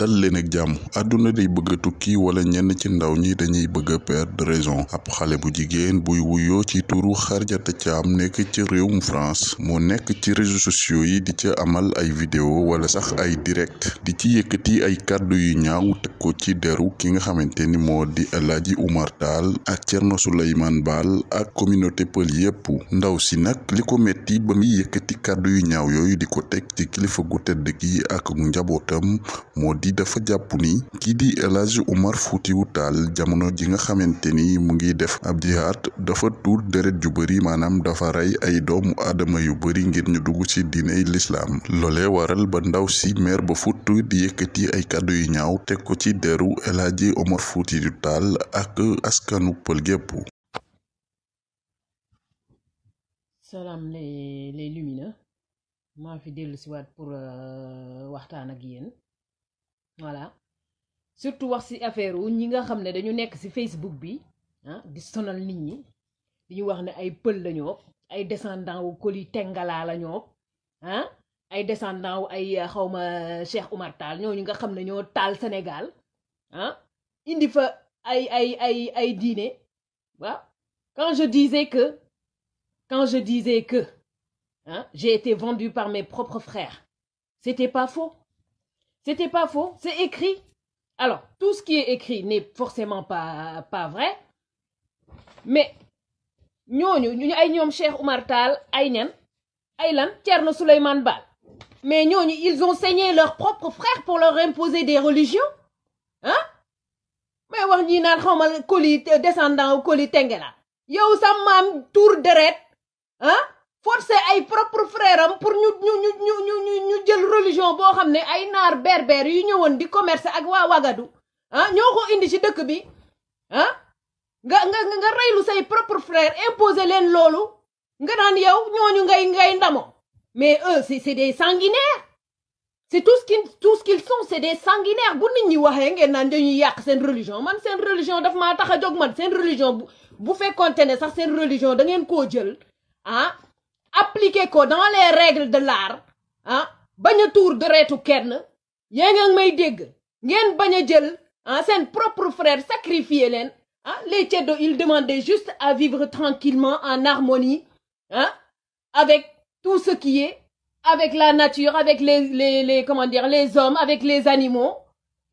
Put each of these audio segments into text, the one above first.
dal leen ak jàmm àdduna day bëgg a tukki wala ñenn ci ndaw ñi dañuy bëgg a perdre raison ab xale bu jigéen buy wuyoo ci turu Xardiata am nekk ci réewum France moo nekk ci réseaux sociaux yi di ca amal ay vidéo wala sax ay direct di ci yëkkati ay kàddu yu ñaaw teg ko ci deru ki nga xamante ni moo di El Hadji Oumar Tall ak Thierno Souleymane Baal ak communauté pël yépp ndaw si nag li ko metti ba muy yëkkati kàddu yu ñaaw yooyu di ko teg ci kilifa gu tedd gi ak njabootam gi dafa jàpp ni kii di El Hadji Omar Foutiou Tall jamono ji nga xamante ni mu ngi def ab jihaad dafa tuur deret ju bëri maanaam dafa rey ay doomu adama yu bari ngir ñu dugg ci diiney lislaam loolee waral ba ndaw si maire ba Fouta di yëkkati ay kàddu yu ñaaw teg ko ci deru El Hadji Omar Foutiou Tall ak askanu pël gépp voilà surtout wax ci affaire wu ñi nga xam ne dañu nekk ci Facebook bi ah di sonal nit ñi di ñu wax ne ay pël lañoo ay descendant wu Koli Tengala la ñoo ah ay descendant wu ay euh, xawma euh, Cheikh Oumar ñoo ñooñu nga xam ne ñoo taal Sénégal ah, indi fa ay ay ay ay diine waa quand je disais que quand je disais que ah j'ai été vendu par mes propres frères c'était pas faux C'était pas faux, c'est écrit. Alors, tout ce qui est écrit n'est forcément pas, pas vrai, mais ñooñu ñu ay ñoom Cheikh Oumar Tall ay ñan ay lan Thierno Souleymane Baal mais ñooñu ils ont saigné leurs propres frères pour leur imposer des religions ah mais wax ñii naan xaw ma coli descendant coli tenge la yow sa maam tour deret forcé ay propre frère am pour ñu ñu ñu ñu ñu ñu jël religion boo xam ne ay naar berber yu ñëwoon di commerce ak waa ah ñoo ko indi ci dëkk bi ah nga nga nga reylu say propre frère imposer leen loolu nga naan yow ñu ngay ngay ndamoo mais eux c'est c'est des sanguinaires c'est tout ce qu'ils tout ce qu'ils sont c'est des sanguinaires bu nit ñi waxee ngeen naan dañuy yàq seen religion man seen religion dafa maa tax a jog man seen religion bu bu fekkoonte ne sax seen religion da ngeen koo jël ah appliquer ko dans les règles de l'art ah bañ a tuur deretu kenn yéen nga may dégg ngeen bañ a jël ah seen propre frère sacrifier leen ah les ceddo ils demandaient juste à vivre tranquillement en harmonie avec tout ce qui avec la nature avec les les les comment dire les hommes avec les animaux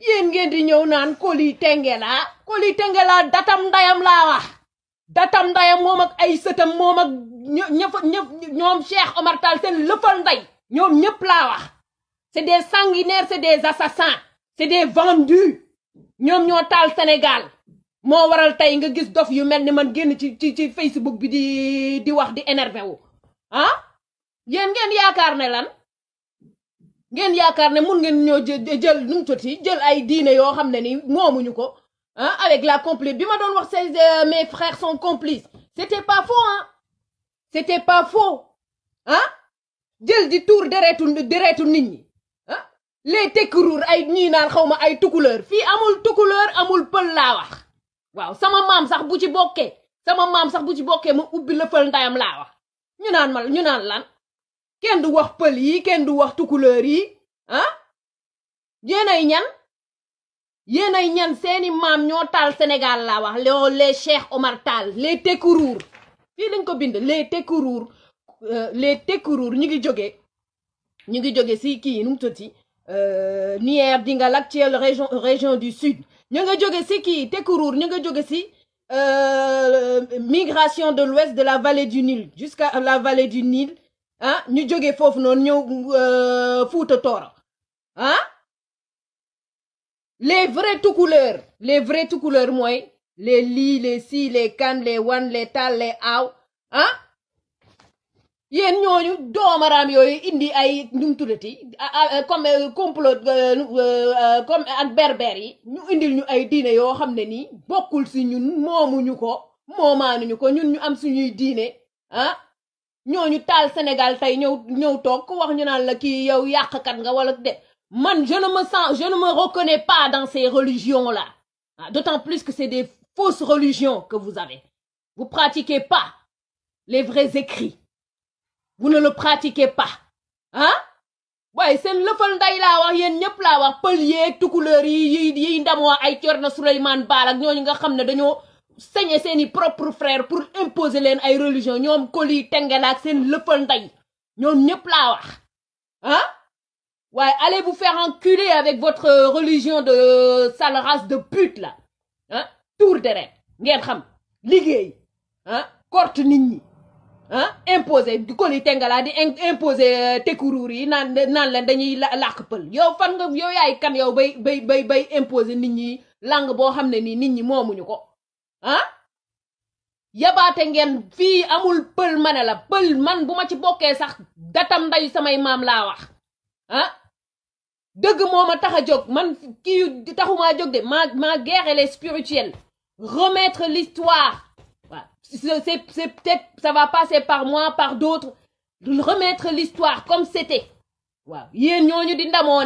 yéen ngeen di ñëw naan koli tenge laa koli datam ndayam laa wax datam ndayam moom ak ay sëtam moom ak ñëfa ñëf ñoom Cheikh Omar Tall seen lëfal nday ñoom ñëpp laa wax c'est des sanguinaires c'est des assassins c'est des vendus ñoom ñoo taal Sénégal moo waral tey nga gis dof yu mel ni man génn ci ci ci Facebook bi di di wax di énervé wu ah yéen ngeen yaakaar ne lan ngeen yaakaar ne mun ngeen ñoo jël jël nu jël ay diine yoo xam ne ni moomuñu ko ah avec la complice bi ma doon wax ses euh, mes frères son complices c'était pas faux ah c'était pas faux ah jël di tuur deretu deretu nit ñi ah les tekkuruur ay ñii naan xaw ma ay tukuleur fii amul tukuleur amul pël laa wax waaw sama maam sax bu ci bokkee sama maam sax bu ci bokkee ma ubbi la pël ndayam laa wax ñu naan ma ñu naan lan kenn du wax pël yi kenn du wax tukuleur yi ah yéenay ñan yéenay ñan seeni maam ñoo taal Sénégal la wax loo les Cheikh Omar Tall les Tekkuruur fii lañ ko bind les Tekkuruur euh, les Tekkuruur ñu ngi jóge ñu ngi jóge si kii nu mu tëddi euh, Nière Dinga l'actuelle région région du sud ñu nga jóge si kii Tekkuruur ñu nga jóge si euh, migration de l'ouest de la vallée du Nil jusqu'à la vallée du Nil ah ñu jóge foofu noonu ñëw Fuuta Tooro ah. les vrais les vrais tukulaar mooy les lii les si les kan les wan les tal les aaw ah yéen ñooñu doomaraam yooyu indi ay ñu mu tuddati comme euh, complot euh, euh, comme ak berbère yi ñu indil ñu ay diine yoo xam ne nii bokkul si ñun moomuñu ko moomaanuñu ko ñun ñu am suñuy diine ah ñooñu taal Sénégal tey ñëw ñëw toog ku wax ñu naan la kii yow yàqkat nga wala de man je ne me sens je ne me reconnais pas dans ces religions là ah, d'autant plus que c'est des fausses religions que vous avez vous pratiquez pas les vrais écrits vous ne le pratiquez pas ah waaye seen lëfal nday laa wax yéen ñëpp laa wax pël yeeg tukulóor y yiy ndamoo ay Cerno Souleymane Baal ak ñooñu nga xam ne dañoo sañe seeni propre frère pour imposer leen ay religion ñoom koli tengelaak seen lëfal nday ñoom ñëpp waaye allez bu faire enculer avec votre euh, religion de euh, sale race de pute là. Hein? Tour de ngeen xam liggéey ah corte nit ñi ah imposé ko li tengalaa di imposé euh, tekkuruur yi naan naan leen dañuy làkk pël yow fan nga yow yaay kan yow bay bay bay bay imposé nit ñi langue boo xam ne nii nit ñi moomuñu ko ah yabaate ngeen fii amul pël ma ne la pël man bu ma ci bokkee sax datam ndayu samay maam laa wax dëgg moo ma tax a jóg man kii taxumaa jog de ma ma guerre elle est spirituelle remettre l'histoire voilà c'est c'est peut ça va passer par moi par d'autres remettre l'histoire comme c'était waaw yéen ñooñu di ndamoo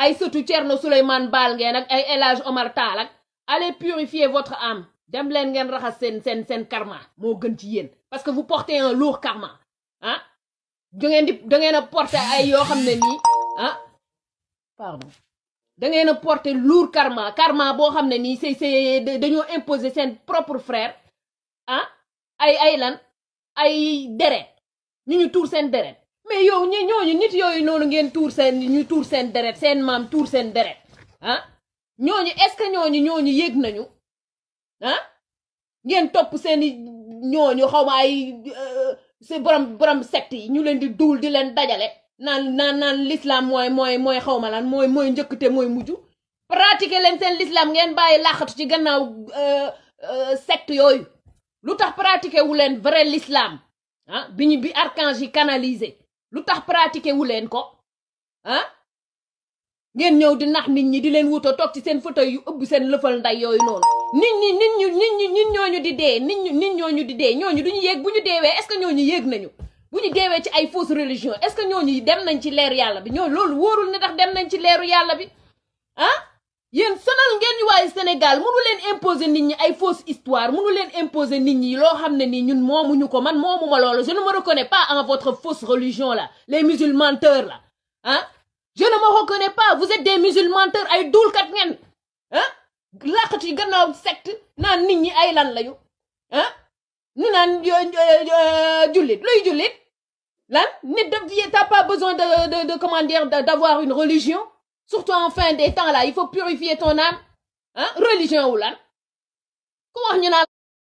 ay sëtu Thierno Souleymane Baal ngeen ak ay El Hadj Omar Tall ak allez purifier votre âme dem leen ngeen raxas seen seen seen karma moo gën ci yéen parce que vous portez un lourd karma ah da di da a porter ay yoo xam ne nii ah pardon da ngeen a porter lourd karma karma boo xam ne nii c'est c'est dañoo imposer seen propre frère ah ay ay lan ay deret ñu ñu tuur seen deret mais yow ñu ñooñu nit yooyu noonu ngeen tuur seen ñu tuur seen deret seen maam tuur seen deret ah ñooñu est-ce que ñooñu ñooñu yëg nañu ah ngeen topp seeni ñooñu xaw ma ay euh, si borom borom secte yi ñu leen di duul di leen dajale naan naan naan l'islam mooy mooy mooy xaw ma mooy mooy njëkk te mooy mujj pratiquer leen seen l'islam ngeen bàyyi laaxatu ci gannaaw euh, euh, sect yooyu lu tax pratiquer wu leen vrai l'islam ah, bi ñu bi archange yi canalisé lu tax pratiquer wu leen ko ah ngeen ñëw di nax nit ñi di leen wuto toog ci seen fauteuil yu ëbb seen lëfal nday yooyu noonu nit ñi nit ñu nit ñi nit ñooñu di dee nit ñu nit ñooñu di dee ñooñu duñu yéeg bu ñu deewee est-ce que ñooñu yéeg nañu bu ñu deewee ci ay fausse religion est-ce que ñooñu dem nañ ci leeru yàlla bi ñoo loolu wóorul ne dax dem nañ ci leeru yàlla bi ah yéen sonal ngeen ñu waaye Sénégal mënu leen imposer nit ñi ay fausse histoire mënu leen imposer nit ñi loo xam ne nii ñun moomuñu ko man moomu ma loolu je ne me reconnais pas en votre fausse religion la les musulmanteurs la ah je ne me reconnais pas vous êtes des musulmanteurs ay duulkat ngeen ah làqat yi gannaaw sect naan nit ñi ay lan lañu ah? ñu naan euh, euh, euh, jullit luy jullit lan nit daf t'as pas besoin de de de comment dire d'avoir une religion surtout en fin des temps là il faut purifier ton âme religion wu lan ku wax ñu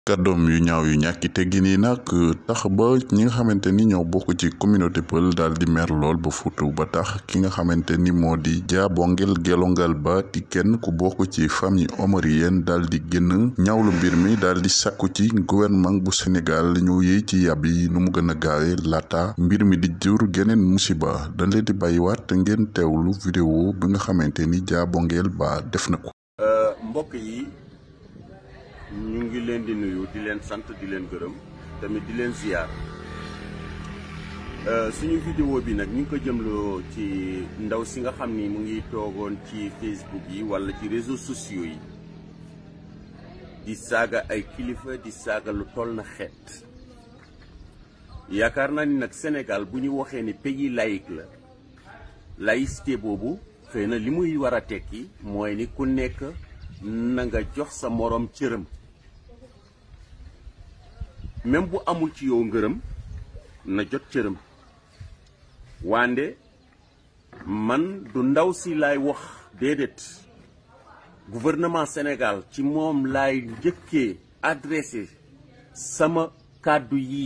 kàddoom yu ñaaw yu ñàkki te gini nag tax ba ñi nga xamante ni ñoo bokk ci communauté pël daal di mer lool ba futu ba tax ki nga xamante ni moo di Dia Bongel Gelongal Ba di kenn ku bokk ci famille omarienne daal di génn ñawlu mbir mi daal di sàkku ci gouvernement bu Sénégal ñu yëy ci yàb yi nu mu gën a gaawe laata mbir mi di jur geneen musiba dañ leen di bàyyiwaat ngeen teewlu vidéo bi nga xamante ni Dia Ba def na ko euh, ñu ngi leen di nuyu di leen sant di leen gërëm tamit di leen ziyaar euh, suñu vidéo bi nag ñu ngi ko jëmloo ci ndaw si nga xam ni mu ngi toogoon ci Facebook yi walla ci réseaux sociaux yi di saaga ay kilifa di saaga lu toll na xeet yaakaar naa ni nag Sénégal bu ñu waxee ni pays laïque la laïcité boobu xëy na li muy war a tekki mooy ni ku nekk na nga jox sa moroom cëram même bu amul ci yow ngërëm na jot cëram wande man du ndaw si laay wax déedéet gouvernement senegal ci moom lay njëkkee adressé sama kàddu yi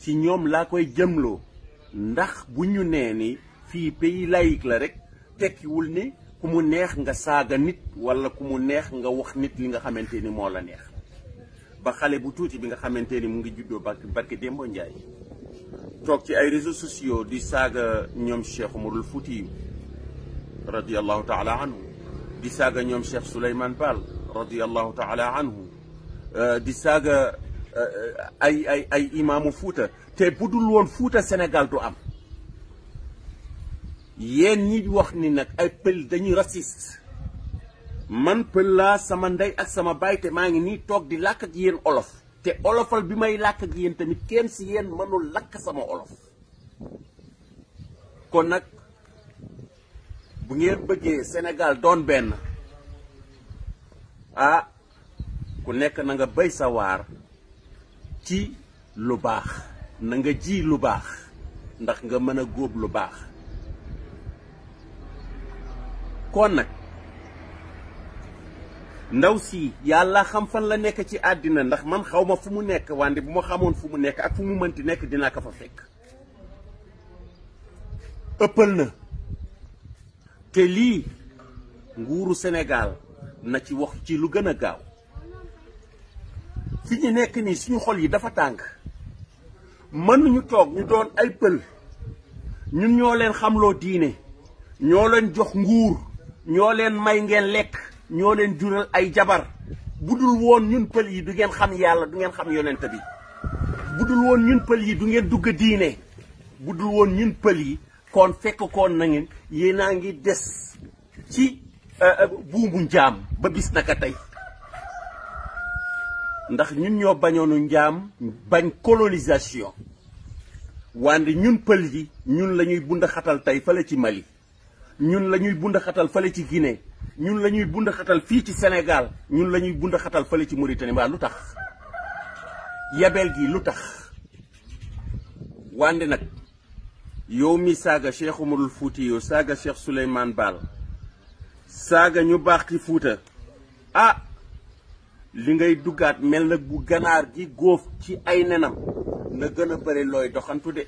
ci ñoom laa koy jëmloo ndax bu ñu nee ni fii pays laïque la rek tekkiwul ne ku mu neex nga saaga nit walla ku mu neex nga wax nit li nga xamante ni moo la neex ba xale bu tuuti bi nga xamante ni mu ngi juddoo barke barke Demba Ndiaye toog ci ay réseaux sociaux di saaga ñoom Cheikh Umarul Fouti radiallahu taala anhu di saaga ñoom Cheikh Souleymane Baal radiallahu taala anhu euh, di saaga euh, ay ay ay imaamu Fuuta te budul woon Fuuta Sénégal du am yéen ñi wax ni nag ay pël dañuy raciste man pël laa sama ndey ak sama baay te maa ngi nii toog di làkk ak yéen olof te olofal bi may làkk ak yéen tamit kenn si yéen mënul làkk sama olof kon nag bu ngeen bëggee Sénégal doon benn ah ku nekk na nga bay sawaar ci lu baax na nga ji lu baax ndax nga mën a góob lu baax kon nag ndaw sii yàlla xam fan la nekk ci àddina ndax man xaw ma fu mu nekk wante bu ma xamoon fu mu nekk ak fu mu mënti nekk dina ko fa fekk ëppal na te lii nguuru Sénégal na ci wax ci lu gën a gaaw fi ñu nekk nii suñu xol yi dafa tàng mënuñu toog ñu doon ay pël ñun ñoo leen xamloo diine ñoo leen jox nguur ñoo leen may ngeen lekk ñoo leen jural ay jabar bu dul woon ñun pël yi du ngeen xam yàlla du ngeen xam yonent bi bu dul woon ñun pël yi du ngeen dugg diine bu dul woon ñun pël yi kon fekk koon na ngeen naa ngi des ci euh, euh, buumu njaam ba bis naka tey ndax ñun ñoo bañoonu njaam bañ colonisation wante ñun pël yi ñun la ñuy bund xatal tey fële ci Mali ñun la ñuy bund xatal fële ci Guinée ñun lañuy ñuy fii ci senegal ñun lañuy ñuy bund ci Mauritanie mbaa lu tax yabel gi lu tax wànde nag yow mi saaga Cheikh Umarul Fuuti yow saaga Cheikh Souleymane Baal saaga ñu baax ci Fuuta ah li ngay duggaat mel na bu ganaar gi góof ci ay nenam na gën a looy doxantu de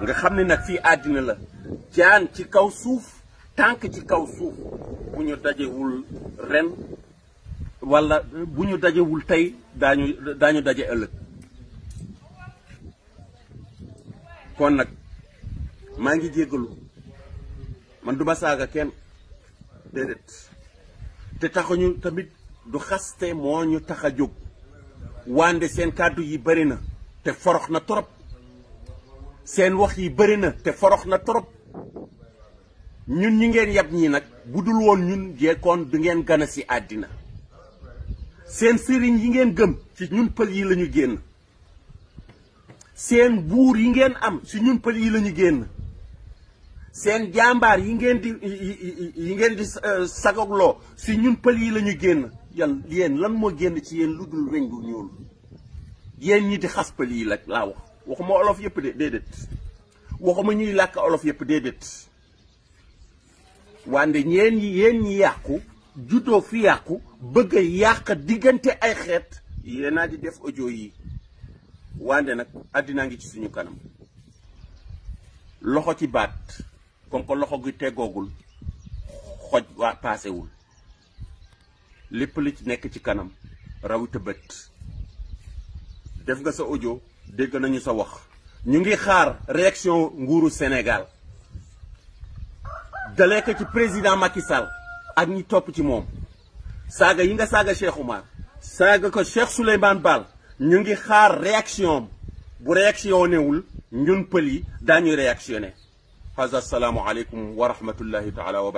nga xam ni nag fii àddina la jaan ci kaw suuf tànk ci kaw suuf bu ñu dajewul ren wala bu ñu dajewul tey daañu daje ëllëg kon nag maa ngi jéggalu man du ma saaga kenn déedéet te taxuñu tamit du xaste moo ñu tax a jóg wande seen kàddu yi bëri na te forox na trop seen wax yi bëri na te forox na trop ñun ñi ngeen yab ñii nag bu dul woon ñun jeekoon du ngeen gana si àddina seen sëriñ yi ngeen gëm si ñun pël yi lañu génn seen buur yi ngeen am ci ñun pël yi lañu génn seen jàmbaar yi ngeen di yi ngeen di euh, sagogloo ñun pël yi lañu génn yal yéen lan moo génn ci yéen lu dul reñ bu ñuul yéen ñi di xas pël yi la laa wax waxuma olof yëpp de déedéet waxuma ñuy làkk olof yëpp déedéet wande ñeen ñi yéen ñi yàqu juddoo fi yàqu bëgg a yàq diggante ay xeet yéen a di def ojo yi wande nag àddinaa ngi ci suñu kanam loxo ci baat kon ko loxo gi teggoogul xoj waa paasewul lépp li ci nekk ci kanam rawita bët def nga sa ojo dégg nañu sa wax ñu ngi xaar réaction nguuru senegal dalee ci président Macky Sall ak ñi topp ci moom saaga yi nga saaga Cheikh Oumar saaga ko Cheikh Souleymane Baal ñu ngi xaar réaction am bu réactionné wul ñun pël yi daañuy réactionné. haza salaamu aleykum wa rahmatullahi taala wa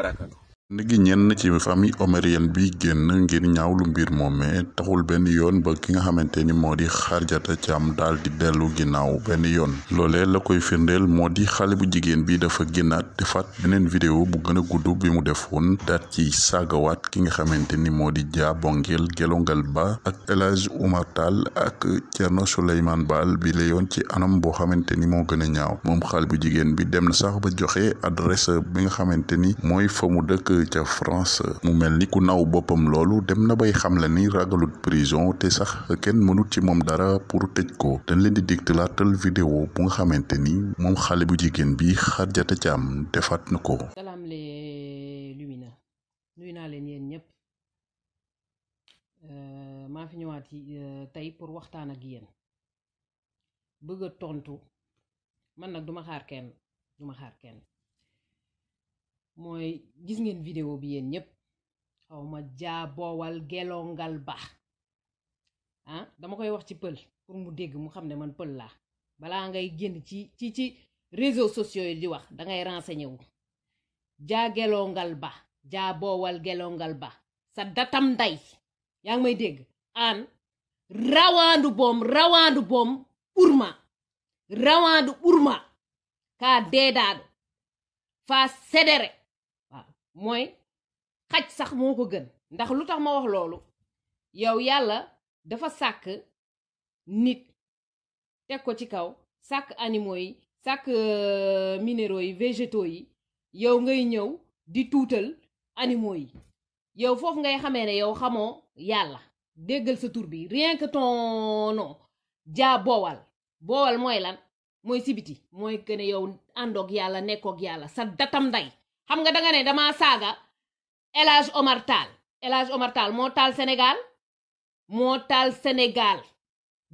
niki ñenn ci famille omarienne bi génn ngir ñaawlu mbir moomee taxul benn yoon ba ki nga xamante ni moo di Xardiata Thiam daal di dellu ginnaaw benn yoon loole la koy firndeel moo di xale bu jigéen bi dafa génnaat defaat beneen vidéo bu gën a gudd bi mu defoon daat ci saagawaat ki nga xamante ni moo di Dia Bongel Gelongal Ba ak El Hadj Oumar Tall ak Thierno Souleymane Baal bi la ci anam boo xamante ni moo gën ñaaw moom xale bu jigéen bi dem na sax ba joxe adresse bi nga xamante ni mooy fa mu dëkk ca France mu mel ni ku naw boppam loolu dem na bay xam la ni ragalut prison te sax kenn mënut ci moom dara pour tëj ko dañ leen di digtalaatal vidéo bu nga xamante ni moom xale bu jigéen bi Xadijata Thiam defaat na ko. salaam les Lumina nuyu naa leen yéen ñëpp euh, maa fi ñëwaat euh, tey pour waxtaan ak yéen bëgg tontu man nag duma xaar kenn duma xaar kenn. mooy gis ngeen vidéo bi yéen ñëpp ma jaaboowal gelongal ba ah dama koy wax ci pël pour mu dégg mu xam ne man pël la balaa ngay génn ci ci ci réseau sociaux yi di wax dangay renseigné wu jaa ba jaaboowal boowal gelongal ba sa datam nday yaa ngi may dégg aan rawaandu boom rawaandu boom urma rawaandu urma kaa deedaaɗo faa sedere mooy xaj sax moo ko gën ndax lu tax ma wax loolu yow yàlla dafa sàkk nit teg ko ci kaw sàkk animaux yi sàkk euh, minéraux yi végétaux yi yow ngay ñëw di tuutal animaux yi yow foofu ngay xamee ne yow xamoo yàlla déggal sa tur bi rien que ton nom jaa boowal boowal mooy lan mooy sibiti mooy que ne yow àndoog yàlla nekkoog yàlla sa datam nday xam nga danga ne dama saaga El Hadj Omar Tall moo taal Sénégal moo taal Sénégal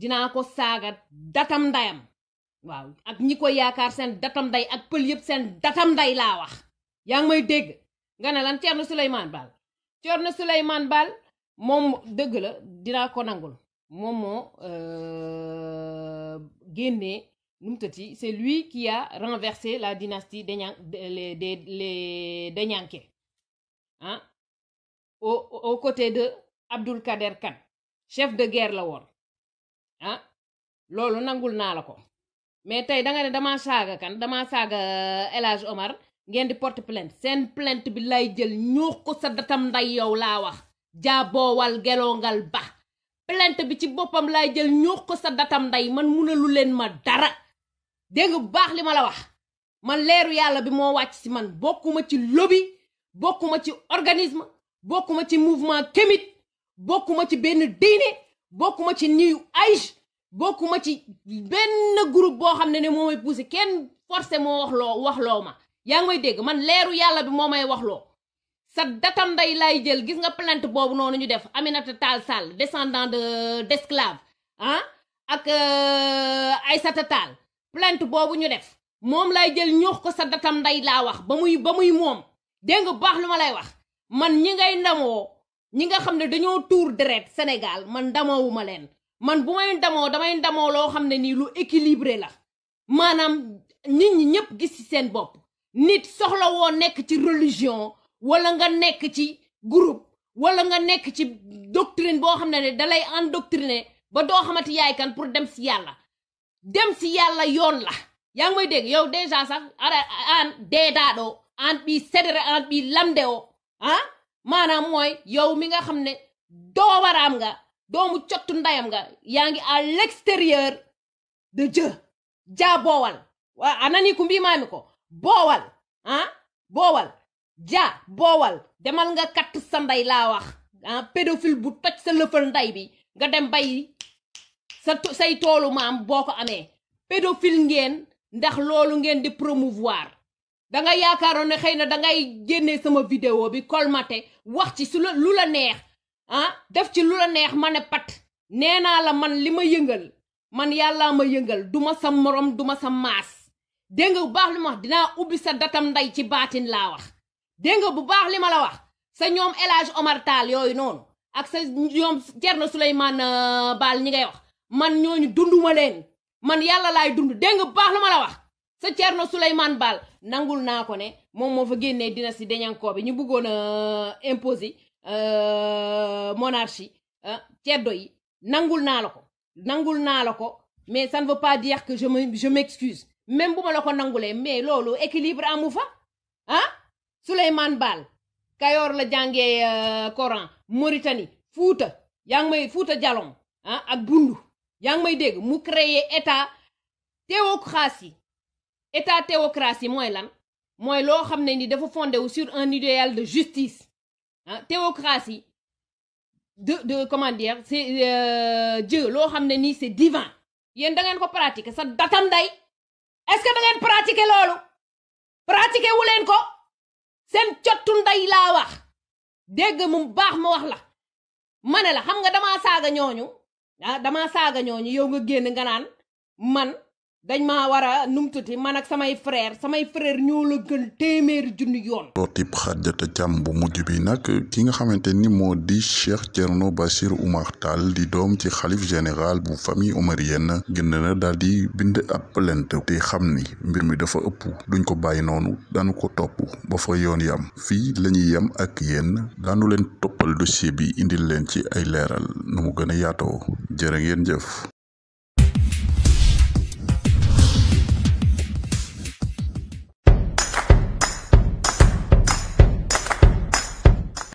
dinaa ko saaga datam ndayam waaw ak ñi ko yaakaar seen datam nday ak pël yëpp seen datam nday laa wax yaa ngi may dégg nga ne lan Thierno Souleymane Baal Thierno Souleymane Baal moom dëgg la dinaa ko nangul moom moo euh, génnee numtati c'est lui qui a renversé la dynastie des Nian des les des ah au côté de Abdul Kader Khan chef de guerre la woon ah loolu nangul naa la ko mais tey da nga ne damaa saaga kan damaa saaga euh, El Hadj Omar ngeen di porte plainte seen plainte bi lay jël ñuux ko sa datam nday yow laa wax jaaboowal gelongal ba plainte bi ci boppam lay jël ñuux ko sa datam nday man munalu leen ma dara dégg bu baax li ma la wax man leeru yàlla bi moo wàcc si man bokkuma ci lobby bokkuma ci organisme bokkuma ci mouvement kémit bokkuma ci benn diine bokkuma ci New Age bokkuma ci benn groupe boo xam ne ni moo may poussé kenn forcé moo wax loo wax ma yaa ngi may dégg man leeru yàlla bi moo may waxloo loo sa datam nday laay jël gis nga plainte boobu noonu ñu def Aminata Tall Sall descendant de d'esclave ah ak euh, Aïssata Tall plainte boobu ñu def moom lay jël ñoox ko sa datam nday laa wax ba muy ba muy moom dégg nga baax lu ma lay wax man ñi ngay ndamoo ñi nga xam ne dañoo tuur deret Sénégal man ndamawuma leen man bu may ndamoo damay ndamoo loo xam ne nii lu équilibré la maanaam nit ñi ñëpp gis ci seen bopp nit soxla nekk ci religion wala nga nekk ci groupe wala nga nekk ci doctrine boo xam ne ne dalay endoctriner ba doo xamati yaay kan pour dem si yàlla dem si yàlla yoon la yaa ngi may dégg yow déjà sax ara an deedaaɗo an ɓi sedere an ɓi lamde o ah maanaam mooy yow mi nga xam ne am nga doomu cottu ndayam nga yaa ngi à l'extérieur de Dieu jaa boowal waa anani ku mbimaami ko boowal ah boowal jaa boowal demal nga katt sa nday laa wax ah bu toj sa lëfal nday bi nga dem bay sa say toolu maam boo ko amee pédophile ngeen ndax loolu ngeen di promouvoir da nga yaakaaroon ne xëy na dangay génne sama vidéo bi colmaté wax ci su la lu la neex ah def ci lu la neex ma ne pat nee naa la man li ma yëngal man yàllaa ma yëngal duma sa morom duma sa maas dégg bu baax li ma wax dinaa ubbi sa datam nday ci baatin laa wax dégg bu baax li ma la wax sa ñoom El Hadj Omar Tall yooyu noonu ak sa ñoom Thierno Souleymane euh, Baal ñi ngay wax man ñooñu dunduma leen man yàlla laay dund dégg nga baax la ma la wax sa Thierno Souleymane Baal nangul naa ko ne moom moo fa génnee dina si deñankoo bi ñu bëggoon a euh, imposer euh, monarchie euh, ceddo yi nangul naa la ko nangul naa la ko mais san ne veut pas dire que je je m'excuse même bu ma la ko nangulee mais loolu équilibre amu fa ah Souleymane Baal Kayoor la jàngee Coran Mauritanie Fuuta yaa may Fuuta Jalon ah ak Bundu yaa ngi may dégg mu créer état théocratie état théocratie mooy lan mooy loo xam ne ni dafa fondé wu sur un idéal de justice ah théocratie de de comment dire c'est euh, loo xam ne nii c'est divin yéen da ngeen ko pratiquer sa datam day est-ce que loolu pratiquer wu leen ko seen cottu nday laa wax dégg mu baax ma wax la ma ne la xam nga damaa saaga ñooñu. ah damaa saaga ñooñu yow nga génn nga naan man dañ maa war numtuti man ak samay frère samay frère ñoo la gën téeméeri junni yoon. rootib xajjata càmm bu mujj bi nag ki nga xamante ni moo di Cheikh Thierno Bachir Oumar Tall di doom ci xalif général bu famille omarienne gën na daal di bind ab plainte te xam ni mbir mi dafa ëpp duñ ko bàyyi noonu daanu ko topp ba fa yoon yam fii la ñuy yem ak yenn daanu leen toppal dossier bi indil leen ci ay leeral nu mu gën a yaatoo jërë ngeen jëf.